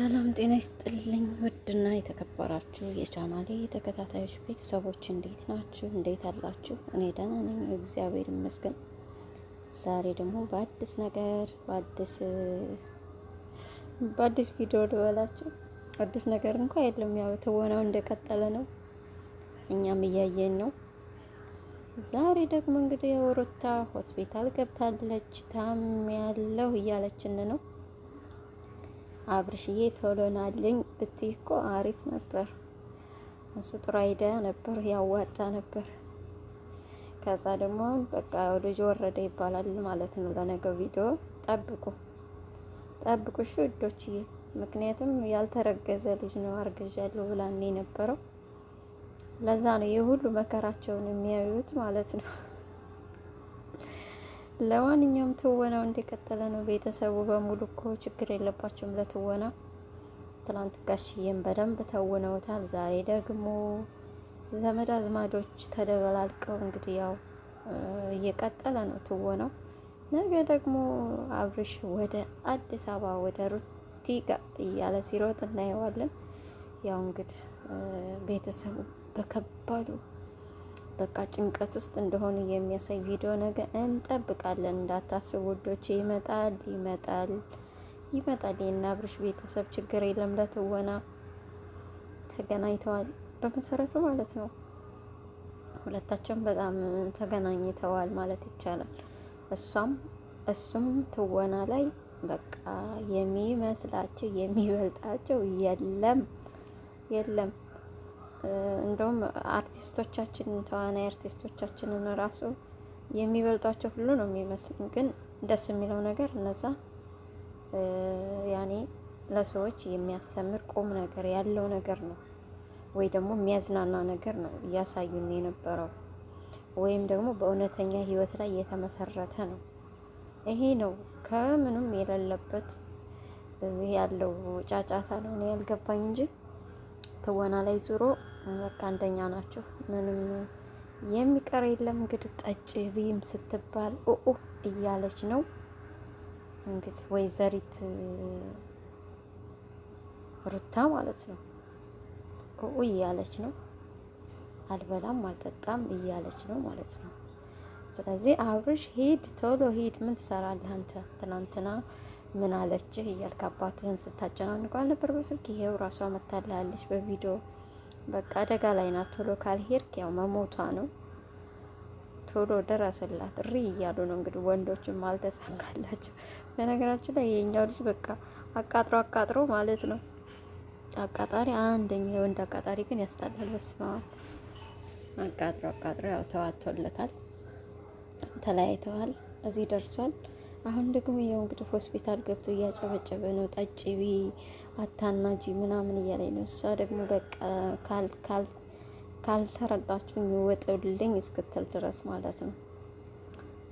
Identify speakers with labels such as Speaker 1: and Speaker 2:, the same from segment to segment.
Speaker 1: ሰላም ጤና ይስጥልኝ። ውድና የተከበራችሁ የቻናሌ ተከታታዮች ቤተሰቦች እንዴት ናችሁ? እንዴት አላችሁ? እኔ ደህና ነኝ፣ እግዚአብሔር ይመስገን። ዛሬ ደግሞ በአዲስ ነገር በአዲስ በአዲስ ቪዲዮ ልበላችሁ። አዲስ ነገር እንኳ የለም፣ ያው ትወናው እንደቀጠለ ነው፣ እኛም እያየን ነው። ዛሬ ደግሞ እንግዲህ ሩታ ሆስፒታል ገብታለች፣ ታም ያለው እያለችን ነው አብርሽዬ ቶሎናልኝ ብትይ እኮ አሪፍ ነበር። እሱ ጥሩ አይዳ ነበር ያዋጣ ነበር። ከዛ ደግሞ በቃ ልጅ ወረደ ይባላል ማለት ነው። ለነገው ቪዲዮ ጠብቁ ጠብቁ እሺ እዶችዬ። ምክንያቱም ያልተረገዘ ልጅ ነው አርግዣለሁ ብላ የነበረው ለዛ ነው የሁሉ መከራቸውን የሚያዩት ማለት ነው። ለማንኛውም ትወናው እንደቀጠለ ነው። ቤተሰቡ በሙሉ እኮ ችግር የለባቸውም ለትወና። ትላንት ጋሽዬን በደንብ ተውነውታል። ዛሬ ደግሞ ዘመድ አዝማዶች ተደበላልቀው እንግዲህ ያው እየቀጠለ ነው ትወናው። ነገ ደግሞ አብርሽ ወደ አዲስ አበባ ወደ ሩቲ ጋር እያለ ሲሮጥ እናየዋለን። ያው እንግዲህ ቤተሰቡ በከባዱ በቃ ጭንቀት ውስጥ እንደሆኑ የሚያሳይ ቪዲዮ ነገ እንጠብቃለን። እንዳታስብ ውዶች፣ ይመጣል ይመጣል ይመጣል። የእነ ብርሽ ቤተሰብ ችግር የለም ለትወና ተገናኝተዋል። በመሰረቱ ማለት ነው ሁለታቸውም በጣም ተገናኝተዋል ማለት ይቻላል። እሷም እሱም ትወና ላይ በቃ የሚመስላቸው የሚበልጣቸው የለም የለም እንደውም አርቲስቶቻችንን ተዋናይ አርቲስቶቻችንን ራሱ የሚበልጧቸው ሁሉ ነው የሚመስለኝ። ግን ደስ የሚለው ነገር እነዛ ያኔ ለሰዎች የሚያስተምር ቁም ነገር ያለው ነገር ነው ወይ ደግሞ የሚያዝናና ነገር ነው እያሳዩን የነበረው ወይም ደግሞ በእውነተኛ ህይወት ላይ የተመሰረተ ነው። ይሄ ነው ከምንም የሌለበት። እዚህ ያለው ጫጫታ ነው እኔ ያልገባኝ እንጂ ትወና ላይ ዙሮ በቃ አንደኛ ናችሁ። ምንም የሚቀር የለም። እንግዲህ ጠጭ ብይም ስትባል ኦኦ እያለች ነው እንግዲህ ወይዘሪት ሩታ ማለት ነው። ኦኦ እያለች ነው። አልበላም አልጠጣም እያለች ነው ማለት ነው። ስለዚህ አብርሽ ሂድ፣ ቶሎ ሂድ። ምን ትሰራለህ አንተ? ትናንትና ምን አለችህ እያልክ አባትህን ስታጨናንቀው አልነበር በስልክ? ይሄው ራሷ መታላለች በቪዲዮ በቃ አደጋ ላይ ናት። ቶሎ ካልሄድክ ያው መሞቷ ነው። ቶሎ ደረስላት ሪ እያሉ ነው እንግዲህ ወንዶችም አልተሳካላቸው። በነገራችን ላይ የኛው ልጅ በቃ አቃጥሮ አቃጥሮ ማለት ነው። አቃጣሪ አንደኛ የወንድ አቃጣሪ ግን ያስጣላል። በስማዋል አቃጥሮ አቃጥሮ ያው ተዋቶለታል። ተለያይተዋል። እዚህ ደርሷል። አሁን ደግሞ ይኸው እንግዲህ ሆስፒታል ገብቶ እያጨበጨበ ነው። ጠጭቢ አታናጂ ምናምን እያለኝ ነው። እሷ ደግሞ በቃ ካልተረዳችሁኝ ወጥልኝ እስክትል ድረስ ማለት ነው።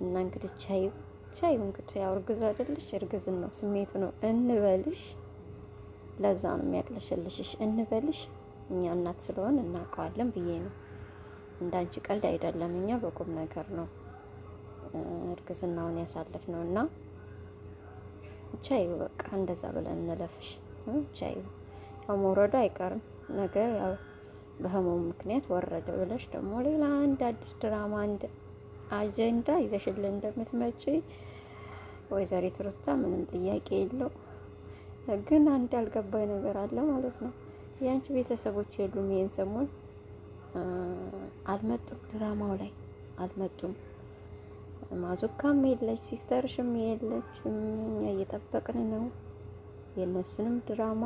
Speaker 1: እና እንግዲህ ቻይ ቻይ እንግዲህ ያው እርግዝ አይደለሽ እርግዝን ነው ስሜቱ ነው እንበልሽ። ለዛ ነው የሚያቅለሸልሽሽ እንበልሽ። እኛ እናት ስለሆን እናውቀዋለን ብዬ ነው። እንዳንቺ ቀልድ አይደለም። እኛ በቁም ነገር ነው እርግዝናውን ያሳልፍ ነው እና ቻዩ በቃ እንደዛ ብለን እንለፍሽ። ቻዩ ያው መውረዱ አይቀርም ነገ ያው በህመሙ ምክንያት ወረደ ብለሽ ደግሞ ሌላ አንድ አዲስ ድራማ አንድ አጀንዳ ይዘሽልን እንደምትመጪ ወይዘሪት ሩታ ምንም ጥያቄ የለው። ግን አንድ ያልገባኝ ነገር አለ ማለት ነው። የአንቺ ቤተሰቦች የሉም? ይህን ሰሞን አልመጡም፣ ድራማው ላይ አልመጡም። ማዙካም የለች፣ ሲስተርሽም የለች። እኛ እየጠበቅን ነው፣ የእነሱንም ድራማ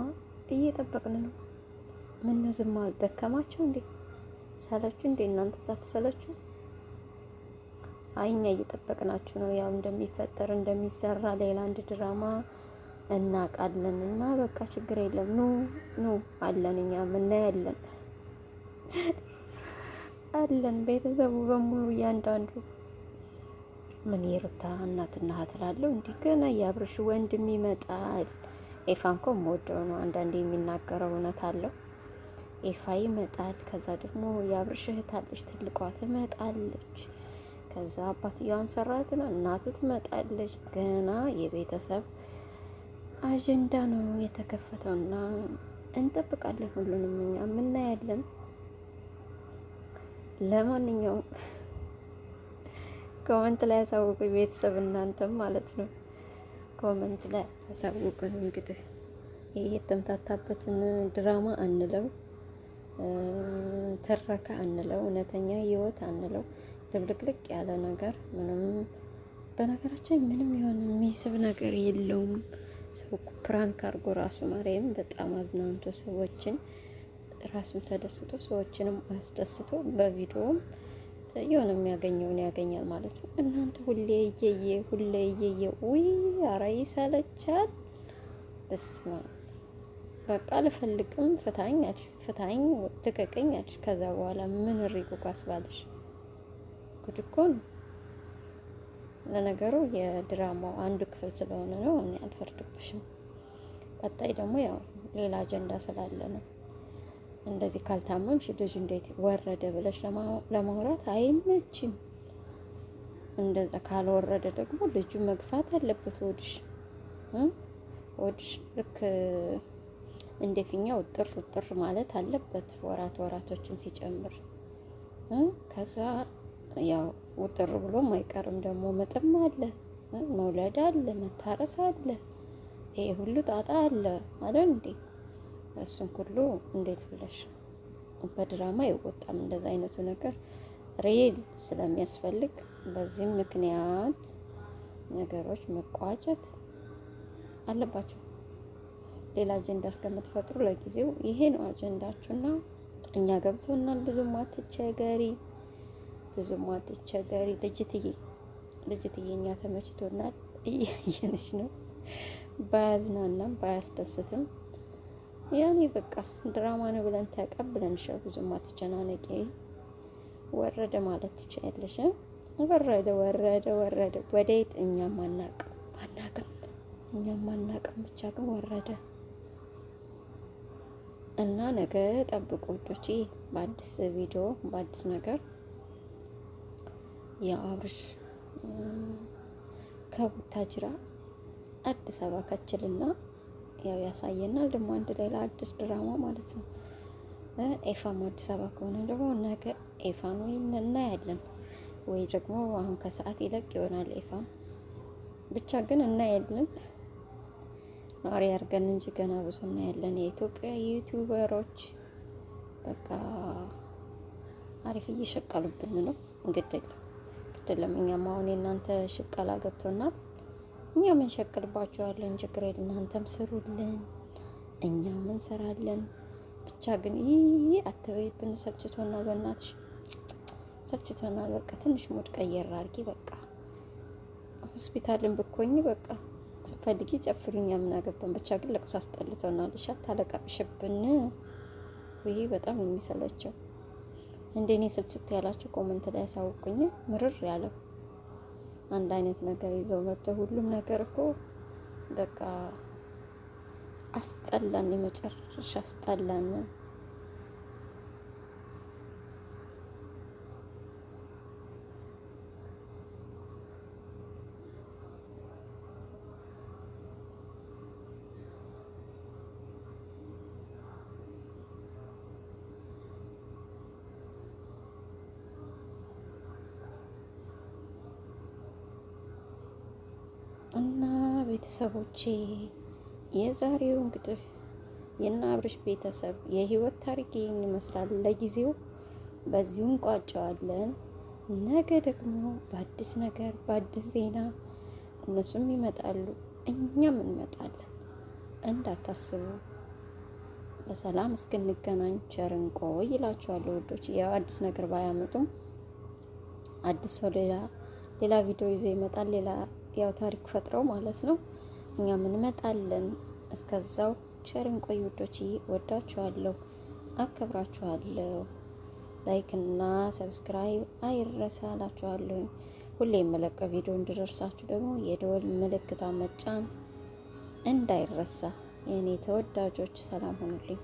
Speaker 1: እየጠበቅን ነው። ምን ነው ዝም አሉ? ደከማቸው እንዴ? ሰለችሁ እንዴ? እናንተ ሳትሰለችሁ? አይ እኛ እየጠበቅናችሁ ነው። ያው እንደሚፈጠር እንደሚሰራ ሌላ አንድ ድራማ እናውቃለን። እና በቃ ችግር የለም ኑ ኑ አለን። እኛም እናያለን አለን። ቤተሰቡ በሙሉ እያንዳንዱ ምን የሩታ እናትና እህት እላለሁ። እንዲህ ገና የአብርሽ ወንድም ይመጣል። ኤፋ እንኳ የምወደው ነው። አንዳንዴ የሚናገረው እውነት አለው። ኤፋ ይመጣል። ከዛ ደግሞ የአብርሽ እህት አለች፣ ትልቋ ትመጣለች። ከዛ አባትየዋን ሰራትና እናቱ ትመጣለች። ገና የቤተሰብ አጀንዳ ነው የተከፈተውና እንጠብቃለን። ሁሉንም እኛ ምናያለን። ለማንኛውም ኮመንት ላይ ያሳውቁኝ ቤተሰብ፣ እናንተም ማለት ነው። ኮመንት ላይ ያሳውቁን። እንግዲህ ይህ የተምታታበትን ድራማ አንለው፣ ትረካ አንለው፣ እውነተኛ ህይወት አንለው፣ ድብልቅልቅ ያለ ነገር ምንም። በነገራችን ምንም የሆነ የሚስብ ነገር የለውም። ሰው ፕራንክ አድርጎ ራሱ ማርያም በጣም አዝናንቶ ሰዎችን ራሱም ተደስቶ ሰዎችንም አስደስቶ በቪዲዮም የሆነ የሚያገኘውን ያገኛል ማለት ነው። እናንተ ሁሌ እየየ ሁሌ እየየ ውይ ኧረ ይሰለቻል። በስመ አብ በቃ አልፈልግም፣ ፍታኝ አልሽ፣ ፍታኝ ልቀቀኝ አልሽ። ከዛ በኋላ ምን ሪቁ ካስባለሽ ጉድ እኮ ነው። ለነገሩ የድራማው አንዱ ክፍል ስለሆነ ነው እኔ አልፈርድብሽም። ቀጣይ ደግሞ ያው ሌላ አጀንዳ ስላለ ነው። እንደዚህ ካልታመምሽ ልጅ እንዴት ወረደ ብለሽ ለማውራት አይመችም። እንደዛ ካልወረደ ደግሞ ልጁ መግፋት አለበት ወድሽ ወድሽ ልክ እንደ ጥር ጥር ማለት አለበት። ወራት ወራቶችን ሲጨምር ከዛ ያው ውጥር ብሎ አይቀርም። ደግሞ ምጥም አለ፣ መውለድ አለ፣ መታረስ አለ፣ ይሄ ሁሉ ጣጣ አለ ማለት እንዴ እሱን ሁሉ እንዴት ብለሽ በድራማ ይወጣም እንደዛ አይነቱ ነገር ሪል ስለሚያስፈልግ በዚህም ምክንያት ነገሮች መቋጨት አለባቸው። ሌላ አጀንዳ እስከምትፈጥሩ ለጊዜው ይሄ ነው አጀንዳችሁና እኛ ገብቶናል። ብዙም አትቸገሪ፣ ብዙም አትቸገሪ ልጅትዬ፣ ልጅትዬ እኛ ተመችቶናል። እያየንሽ ነው። ባያዝናናም ባያስደስትም ያኔ በቃ ድራማ ነው ብለን ተቀብለንሻል። ብዙም አትጨናነቂ፣ ወረደ ማለት ትችያለሽ። ወረደ ወረደ ወረደ ወዴት? እኛም አናቅም አናቅም፣ እኛም አናቅም። ብቻ ግን ወረደ እና ነገ ጠብቁ ውዶቼ፣ በአዲስ ቪዲዮ በአዲስ ነገር የአብርሽ ከቡታጅራ አዲስ አበባ ከችልና ያው ያሳየናል። ደግሞ አንድ ሌላ አዲስ ድራማ ማለት ነው። ኤፋም አዲስ አበባ ከሆነ ደግሞ ነገ ኤፋን ወይ እናያለን ወይ ደግሞ አሁን ከሰዓት ይለቅ ይሆናል። ኤፋም ብቻ ግን እናያለን ነዋሪ አድርገን እንጂ ገና ብዙ እናያለን። የኢትዮጵያ ዩቲዩበሮች በቃ አሪፍ እየሸቀሉብን ነው። እንግዲህ ግድ የለም እኛም አሁን የእናንተ ሽቀላ ገብቶናል። እኛ ምንሸቅልባችኋለን፣ ችግር እናንተም ስሩልን፣ እኛም እንሰራለን። ብቻ ግን ይህ አትበይብን፣ ሰልችቶናል፣ በእናትሽ ሰልችቶናል። በቃ ትንሽ ሙድ ቀየር አድርጊ። በቃ ሆስፒታልን ብኮኝ በቃ ስፈልጊ ጨፍሉኛ ምን አገባን። ብቻ ግን ለቅሶ አስጠልቶናል። እሺ አታለቃቅሽብን። ይህ በጣም የሚሰለቸው እንደ ስልችት ያላቸው ኮመንት ላይ ያሳውቁኝ ምርር ያለው አንድ አይነት ነገር ይዘው መጥተው ሁሉም ነገር እኮ በቃ አስጠላን፣ የመጨረሻ አስጠላን። ቤተሰቦቼ የዛሬው እንግዲህ የእነ አብርሽ ቤተሰብ የህይወት ታሪክ ይህን ይመስላል። ለጊዜው በዚሁ እንቋጨዋለን። ነገ ደግሞ በአዲስ ነገር በአዲስ ዜና እነሱም ይመጣሉ፣ እኛም እንመጣለን። እንዳታስቡ። በሰላም እስክንገናኝ ቸርን ይላችኋለሁ ውዶች። ያው አዲስ ነገር ባያመጡም አዲስ ሰው ሌላ ሌላ ቪዲዮ ይዞ ይመጣል። ሌላ ያው ታሪክ ፈጥረው ማለት ነው። እኛም እንመጣለን። እስከዛው ቸርን ቆይ ውዶች፣ ወዳችኋለሁ፣ አከብራችኋለሁ። ላይክ እና ሰብስክራይብ አይረሳ ሁሌ የመለቀው ቪዲዮ እንድደርሳችሁ ደግሞ የደወል ምልክቷ መጫን እንዳይረሳ። የእኔ ተወዳጆች ሰላም ሆኑልኝ።